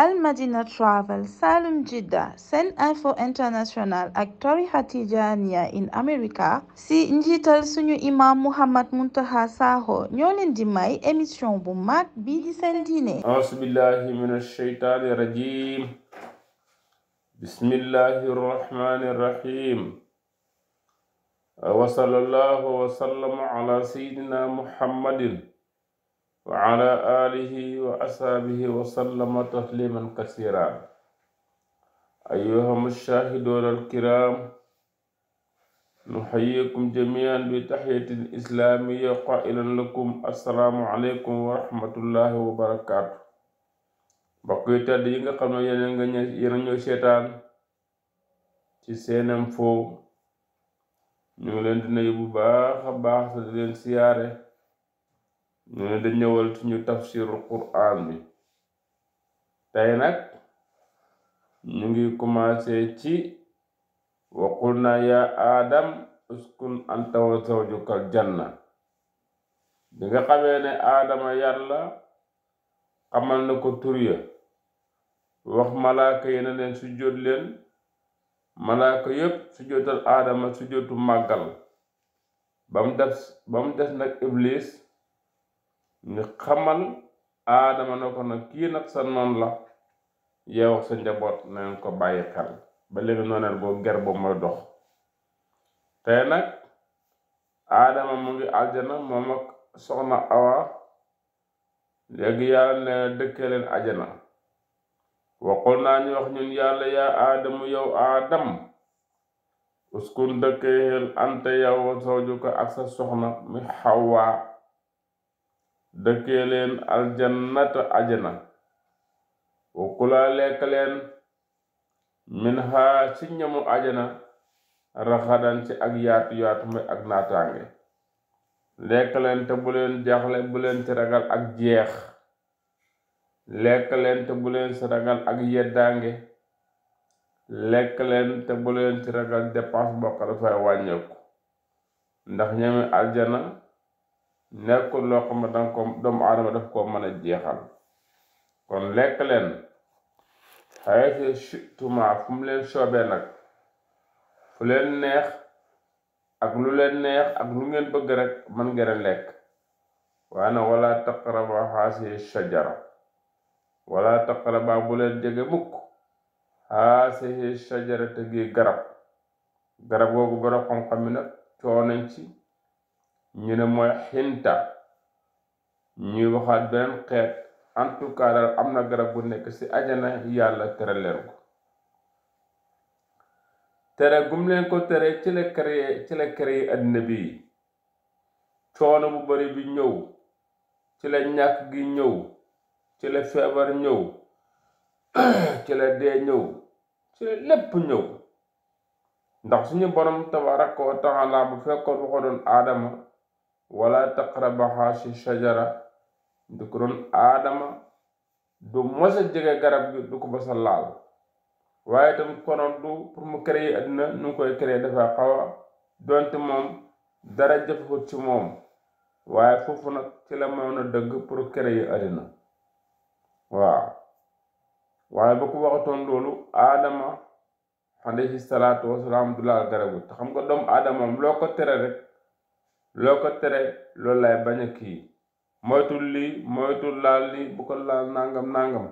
al madina travel salum jidda sen info international ak tarixa tijaniya in america si njiital suñu imam muhammad muntaha sakho ñoo di may émission bu mag bii di seen diine aasubillahi min bismillahi arrahmani arrahim wa sallallahu wa waa ala alihi wa asxaabihi wa sallama tasliman kasiira ayyuham shaahidoon alkiraam nuxayyikum jamiican bi taxiyatin islaamiyya qaa'ilan lakum assalaamu aleykum wa rahmatullaahi wa barakaatu mbokk yi tedd xam ne yéen nga yéen a ñëw seetaan ci Seneinfo ngi leen di nuyu bu baax baax siyaare ñu ne dañ ñëwal suñu tafsirul quran bi tey nag ñu ngi commencé ci wa qulna ya adam uskun anta wa zawjukal janna bi nga xamee ne aadama yàlla xamal na ko tur ya wax malaaka yi na leen sujjóot leen malaaka yépp sujjóotal aadama sujjóotu màggal ba des ba mu des nag iblis ni xamal aadama na ko nag kii nag sa noon la yow ak sa njaboot nañ ko bàyyi xel ba léegi nooneel boo ger boo mooy dox tey nag aadama mu ngi aljana moom ak soxna awa léegi yàlla ne dëkkee leen ajana waxul naa ñu wax ñun yàlla yaa aadamu yow aadam uskun dëkkee xel ante yow sooju ko ak sa soxna mi xawaa dëkkee leen aljannata ajana wa kulaa lekk leen min haa ci ñamu ajana raxadan ci ak yaatu yaatu may ak naataange lekk leen te bu leen jaaxle bu leen ci ragal ak jeex lekk leen te bu leen ci ragal ak yeddaange lekk leen te bu leen ci ragal dépense bokk dafay wàññeeku ndax ñami aljana nekkul loo ma ne danga ko doomu aadama daf ko mën a kon lekk leen xaytu chutuma fu mu leen soobee nag fu leen neex ak lu leen neex ak lu ngeen bëgg rek mën ngeen lekk waana nag wala taqraba haasihi shajara wala taqraba bu leen jege mukk haasihi shajara te gi garab garab googu borom xam-xam yi nag coonañ ñu ne mooy xinta ñuy waxaat benn xeet en am na garab bu nekk ci ajana yàlla tere leen ko tere gum leen ko tere ci la créé ci la créé àddina bi coono bu bari bi ñëw ci la ñàkk gi ñëw ci la feebar ñëw ci la dee ñëw ci la lépp ñëw ndax suñu borom tabaraka wa taala bu fekkoon waxoo doon aadama wala taqrabaha si shajara du ko doon du mos a jege garab gi du ko mos a laal waaye itam konoon pour mu créer àddina nu ngi koy créer dafa xaw a moom dara jëfewut ci moom waaye foofu nag ci la mën a dëgg pour créer àddina waaw waaye ba ko waxatoon loolu aadama alayhi salaatu wasalaam du laal garab gi te xam nga doomu aadama loo ko tere rek loo ko tere loolu lay bañ a kii moytul lii moytul laal lii bu ko laal nangam nangam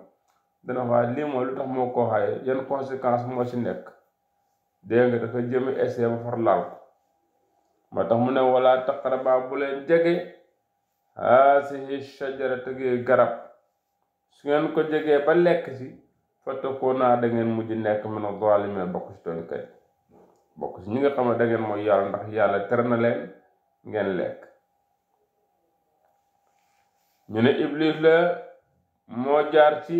dana waaye lii mooy lu tax moo ko xaye yan conséquence moo ci nekk dégg nga dafa jëmi essai ba far laal ko moo tax mu ne wala taqraba bu leen jege haasihi shajara tegee garab su ngeen ko jegee ba lekk si ci fatakoo naa da ngeen mujj nekk mën a doole mel bokk ci tooñkat bokk ci ñi nga xam ne da ngeen mooy yàlla ndax yàlla tere na leen ngeen lekk ñu ne iblis la moo jaar ci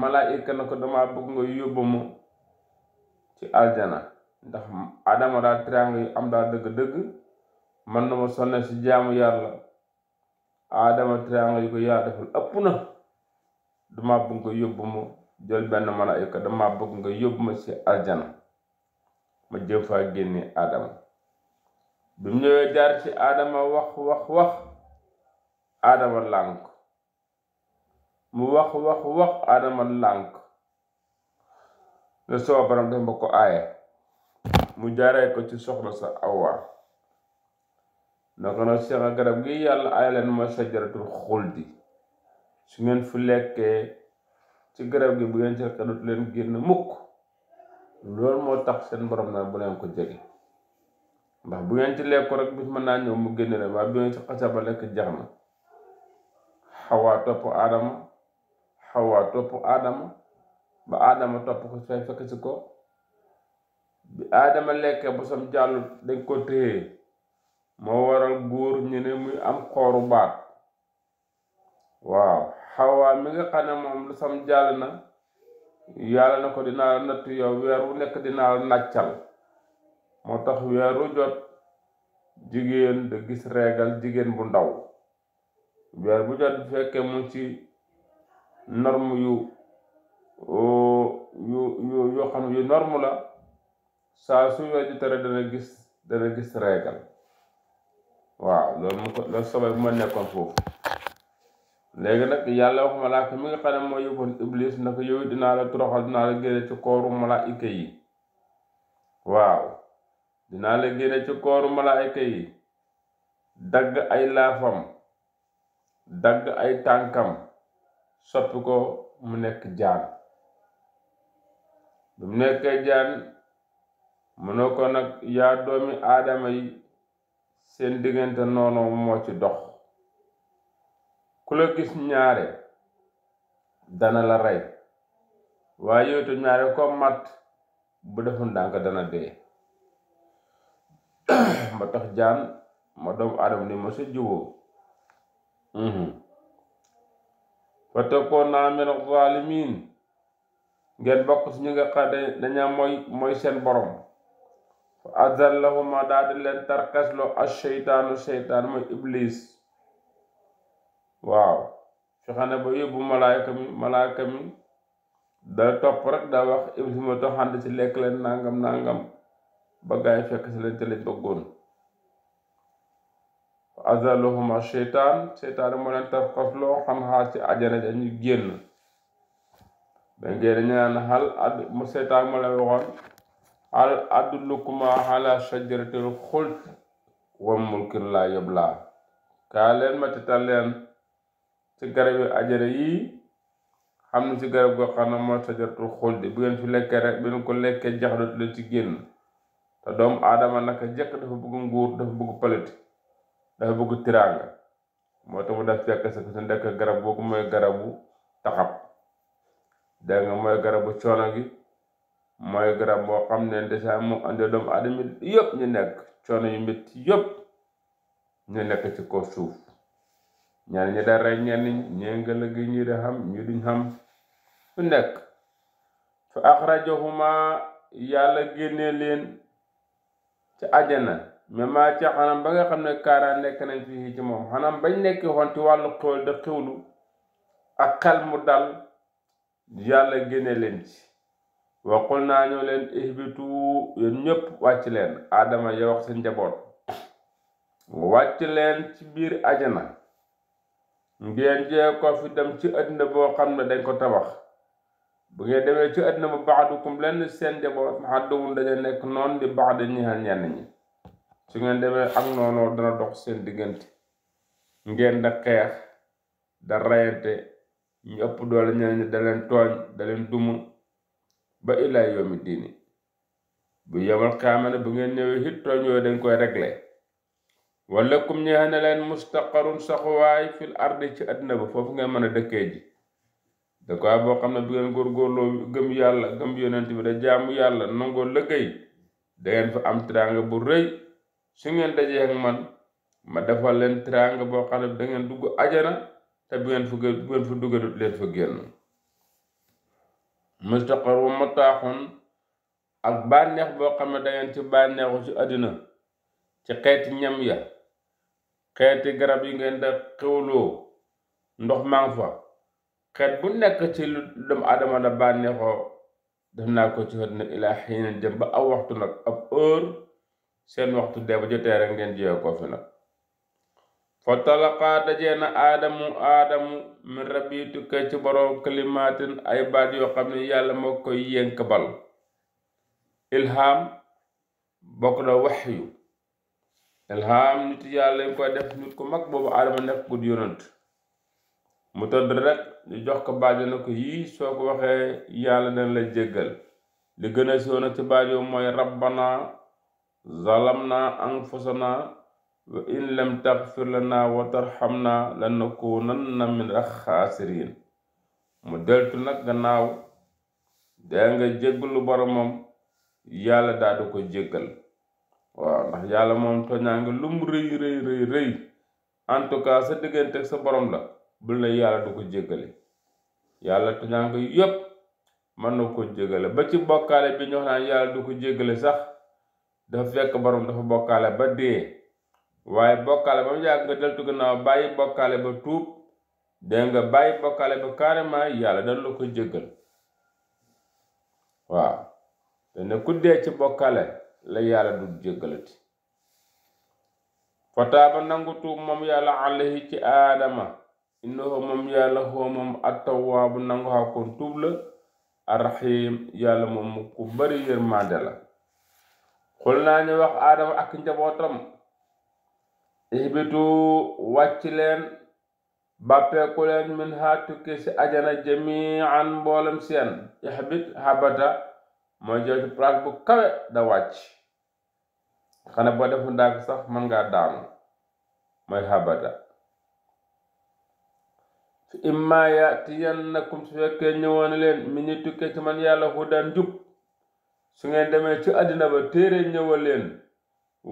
malaayika na ko dama bëgg nga yóbbu mu ci aljana ndax adama daal triangle am daal dëgg-dëgg man na ma sonne si jaamu yàlla adama triangle yu ko yàlla defal ëpp na dama bëgg nga yóbbu mu jël benn malaayika dama bëgg nga yóbbu ma ci aljana ma jëm faa génne adama bi mu ñëwee jaar ci aadama wax wax wax aadama lànk mu wax wax wax aadama lànk ne sama borom def ma ko aaye mu jaaree ko ci soxna sa awa naka na seexa garab gi yàlla aaye leen ma sajaratul xuldi su ngeen fu lekkee ci garab gi bu ngeen seex dootu leen génn mukk loolu moo tax seen borom na bu leen ko jege ndax bu ngeen ci lekk rek bis mën naa ñëw mu génne la waaye bu ngeen ci xasee ba lekk jeex na xawaa topp aadama xawaa topp aadama ba aadama topp ko fay fekk si ko bi aadama lekkee bu sam jàll dañ ko téye moo waral góor ñu ne muy am xooru baat waaw xawaa mi nga xam ne moom lu sam jàll na yàlla na ko dinaa la nattu yow weer wu nekk dinaa la nàccal moo tax weeru jot jigéen da gis reegal jigéen bu ndaw weer bu jot bu fekkee mu ci norm yu yu yu yoo xam yu norme la saa su weer ju tere dana gis dana gis reegal waaw loolu mu ko loolu sabab bu ma nekkoon foofu léegi nag yàlla wax malaaka mi nga xam ne moo yóbboon iblis naka yow dinaa la toroxal dinaa la génne ci kooru malaaka yi waaw dinaa la génne ci kooru malaayka yi dagg ay laafam dagg ay tànkam soppi ko mu nekk jaan bu mu nekkee jaan mu ne ko nag yaa doomi aadama yi seen diggante noonu moo ci dox ku la gis ñaare dana la rey waaye yootu ñaare ko mat bu defu ndànk dana dee ma tax jaan ma doomu aadama ni ma sa juboo mhm. fa takkoon naa min zaalimiin ngeen bokk si ñu nga xam dañaa mooy mooy seen boroom fa azallahuma daal di leen tarkaslo as seytaanu seytaan mooy iblis waaw fi xam ba yóbbu malaayka mi malaayka mi da topp rek daa wax iblis ma toxand ci lekk leen nangam nangam ba gaay fekk si leen te lañ bëggoon azaluhuma seytaan seytaan moo leen tarxasloo xam xaar ci ajana ja génn da ngeen ñu naan xal add mu seytaan moo leen waxoon xal addulukuma ala shajaratil xuld wa mulkin laa yablaa kaa leen ma tetal leen ci garab yi ajana xam ne ci garab goo xam ne mooy shajaratul xuld bi ngeen fi lekkee rek bi ngeen ko lekkee jax dootu ci génn te doomu aadama naka jëkk dafa bëgg nguur dafa bëgg palit dafa bëgg tiraanga moo tax mu def fekk sa su nekk garab googu mooy garabu taxab dégg mooy garabu coono gi mooy garab boo xam ne ndeysaan mu andi doomu aadama yëpp ñu nekk coono yu métti yëpp ñu nekk ci kaw suuf ñaan ñi daan rey ñenn ñi nga liggéey ñi xam ñi duñ xam su nekk fa yàlla génnee leen ci àjjana mais maa ca xanam ba nga xam ne kaara nekk nañ fii ci moom xanam bañ nekk xoon ci wàllu xéwal da xéwlu ak xel mu dal yàlla génne leen ci waxul naa ñoo leen ihbitu yéen wàcc leen aadama yow wax seen njaboot wàcc leen ci biir ajana ngeen jee ko fi dem ci àddina boo xam ne dañ ko tabax bu ngeen demee ci àddina ba baadukum lenn seen jaboot xadduwun dañu nekk noonu di baax di ñeexal ñenn ñi su ngeen demee ak noonu dana dox seen diggante ngeen da xeex da rayante ñu ëpp doole ñeneen ñi da leen tooñ da leen ba ilaa yoomi diini bu yemal xaama ne bu ngeen ñëwee it tooñ yooyu dañ koy réglé wala kum ñeexal ne leen sa saxuwaay fil ardi ci àddina ba foofu ngeen mën a dëkkee ji da ko boo xam ne bu ngeen góorgóorloo gëm yàlla gëm yonent bi da jaamu yàlla nangoo lëggéey da ngeen fa am teraanga bu rëy su ngeen dajee man ma defal leen teraanga boo xam ne dugg ajana te bu ngeen fa bu ngeen fa duggatut leen fa génn mustaqar wa mataaxun ak bànneex boo xam ne dangeen ngeen ci bànneexu ci àddina ci xeeti ñam ya xeeti garab yi ngeen da xewloo ndox maa fa xeet bu nekk ci lu doomu aadama da bànneexoo def naa ko ci xët na ilaa xiinin jëm ba aw waxtu nag ab heure seen waxtu dee ba jotee rek ngeen jiyee ko fi nag fa talaqaa dajee na aadamu aadamu min rabbi tukkee ci borom kalimaatin ay baat yoo xam ne yàlla moo koy yënk bal ilham bokk na waxyu ilham nit yàlla ñu koy def nit ku mag boobu aadama nekk gud yonant mu tëdd rek ñu jox ko baajo na ko yii soo ko waxee yàlla na la jéggal li gën a siiw nag ci baajo mooy rabbana zalamna anfusana wa in lam taghfir lana wa tarhamna lanakunanna min al-khasirin mu deltu nag gannaaw daa nga jéggalu boromam yàlla daa di ko jéggal waaw ndax yàlla moom tooñaa ngi lum rëy rëy rëy rëy tout cas sa diggante ak sa borom la bul na yàlla du ko jéggale yàlla tuñaan ko yëpp mën na ko jéggale ba ci bokkaale bi ñu wax naan yàlla du ko jéggale sax dafa fekk borom dafa bokkaale ba dee waaye bokkaale ba mu yàgg nga deltu gannaaw bàyyi bokkaale ba tuub dégg nga bàyyi bokkaale ba carrément yàlla dana la ko jéggal waaw te ku dee ci bokkaale la yàlla du jéggalati fataaba nangu tuub moom yàlla alayhi ci aadama innahu moom yàlla huwa moom nangu xaa kon tuub la arraxiim yàlla moom ku bari yërmande la xul naa ñu wax aadama ak njabootam ihbitu wàcc leen bàppeeku leen min ha tukki ci ajana jamian mboolem seen ihbit habata mooy jow ci bu kawe da wàcc xana boo defu ndànk sax mën ngaa daanu mooy habata imma yatiyannakum su fekkee ñëwoon leen mi ñu tukkee ci man yàlla hudan njub su ngay demee ci àddina ba téere ñëwal leen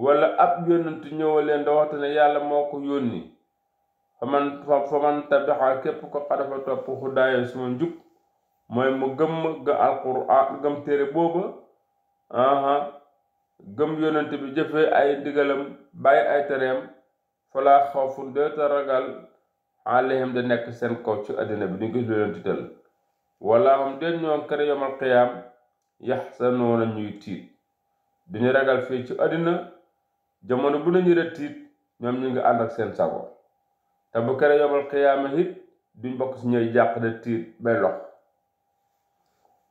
wala ab yónnent ñëwal leen da waxtu ne yàlla moo ko yónni faman faman tabixa képp ko xadafa topp hudaaya suma njub mooy mu gëm ga gëm téere booba gëm yónnent bi jëfee ay ndigalam bàyyi ay tereem falaa xawfun deeta ragal alayhim da nekk seen kaw ci àddina bi duñ gis lu leen tiital wala hum den ñoom kër yomal qiyaam yaxsanoona ñuy tiit duñu ragal fii ci àddina jamono bu nañu rek tiit ñoom ñu ngi ànd ak seen sago te bu kër yomal qiyaama it duñ bokk si ñooy jàq de tiit bay lox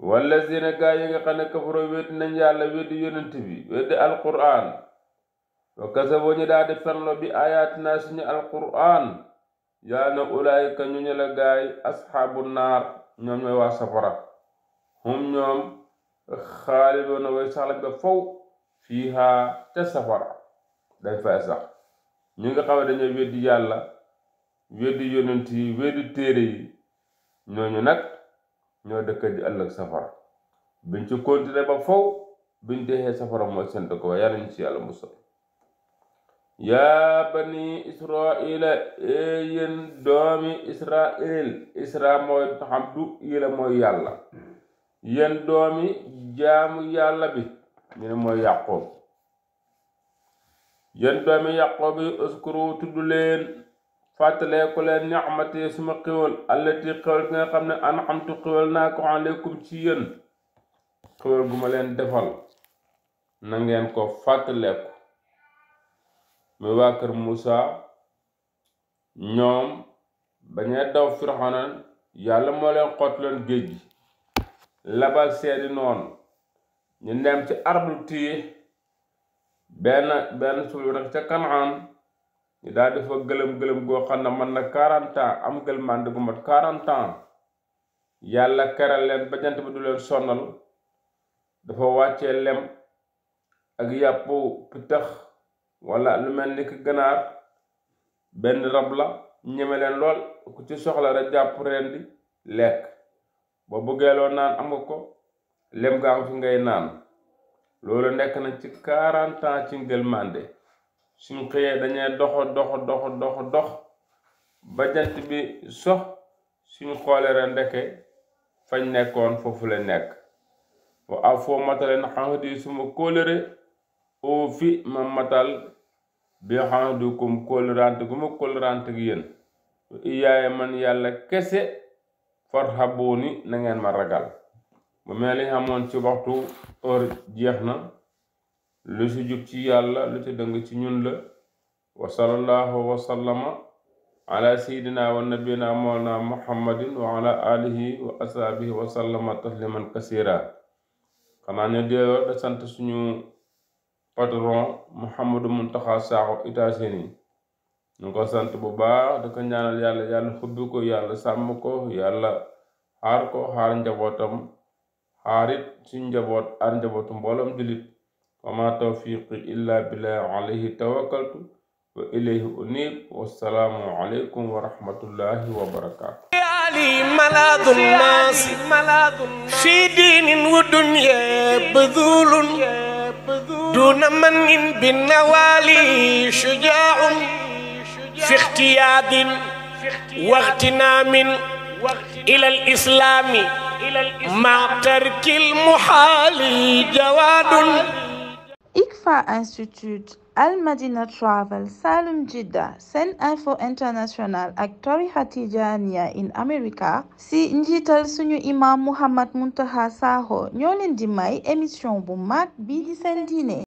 walla zina gaa yi nga xam ne kafaro wéet nañ yàlla weddi yonent bi weddi alquraan wa kasaboo ñu daal di fenlo bi ayaat naa suñu alquraan yaa na ulaayika ñu ñu la gaay asxaabu naar ñoom ñooy waa safara hum ñoom xaalidoona way sax lañ ba faw fiiha ca safara dañ fay sax ñi nga xam ne dañoo weddi yàlla weddi yonent yi weddi téere yi ñooñu nag ñoo dëkka di ëllëg safara biñ ci continué ba faw biñ deexee safara mooy seen dëkk waaye yàlla ñu ci yàlla musal yaa bani israila eh, yéen doomi israil isra mooy xamdu ila mooy yàlla yen doomi jaamu yàlla bi ñu ne mooy yàqoob yéen doomi yàqoob bi uskuru tudd leen fàttaleeku leen nicmati suma xéwal allati xéwal ki nga xam ne anxamtu xéwal naa ko aleykum ci yéen xéwal gu ma leen defal na ngeen ko fàttaleeku muy waa kër Moussa ñoom baña daw Firawna yàlla moo leen xotloon géej gi labal seeni noonu ñu dem ci arbul tii benn benn suuf nag ca Kanaan ñu daal di fa gëlëm-gëlëm goo xam ne man na quarante ans am gëlmande gu mat quarante ans yàlla keral leen ba bi du leen sonnal dafa wàccee lem ak yàppu pitax wala lu mel ni ki ganaar benn rab la ñeme leen lool ku ci soxla rek jàpp reen di lekk boo bëggee loo naan am nga ko lem nga am fi ngay naan loolu nekk na ci 40 ans ci ngëlmande suñ xëyee dañuy doxo doxo doxo doxo dox ba jant bi sox suñ xoolee ren ndeke fañ nekkoon foofu la nekk wa a foo matale na xam di suma kóolëre oo fi ma matal bi xandukum kóllërante gu ma kóllërante gi yéen iyaaya man yàlla kese farhabuuni na ngeen ma ragal bu mel ni xamoon ci waxtu heure jeex na lu ci ci yàlla lu ci dëng ci ñun la wa sallallahu wa sallama ala sayidina wa nabina mawlana muhammadin wa alihi wa asaabihi wa sallama tasliman kasira xanaa ñu delloo da sant suñu patron Mouhamadou Mountakha Sakho États-Unis ñu ko sant bu baax da ko ñaanal yàlla yàlla xubbi ko yàlla sàmm ko yàlla xaar ko xaar njaboot aar njabootu mboolam jullit wa ma tawfiqi illa billahi alayhi tawakkaltu wa ilayhi unib wassalaamu aleykum wa rahmatullahi wa barakaatu دون من بالنوالي شجاع في اختياد واغتنام إلى الإسلام مع ترك المحال جواد ICFA Institute Al Madina Travel Salum Jidda Sen Info International ak tarixa Tijaaniya in America si njiital suñu imam Mouhamed Muntaha Sakho ñoo di may émission bu mag bii di seen diine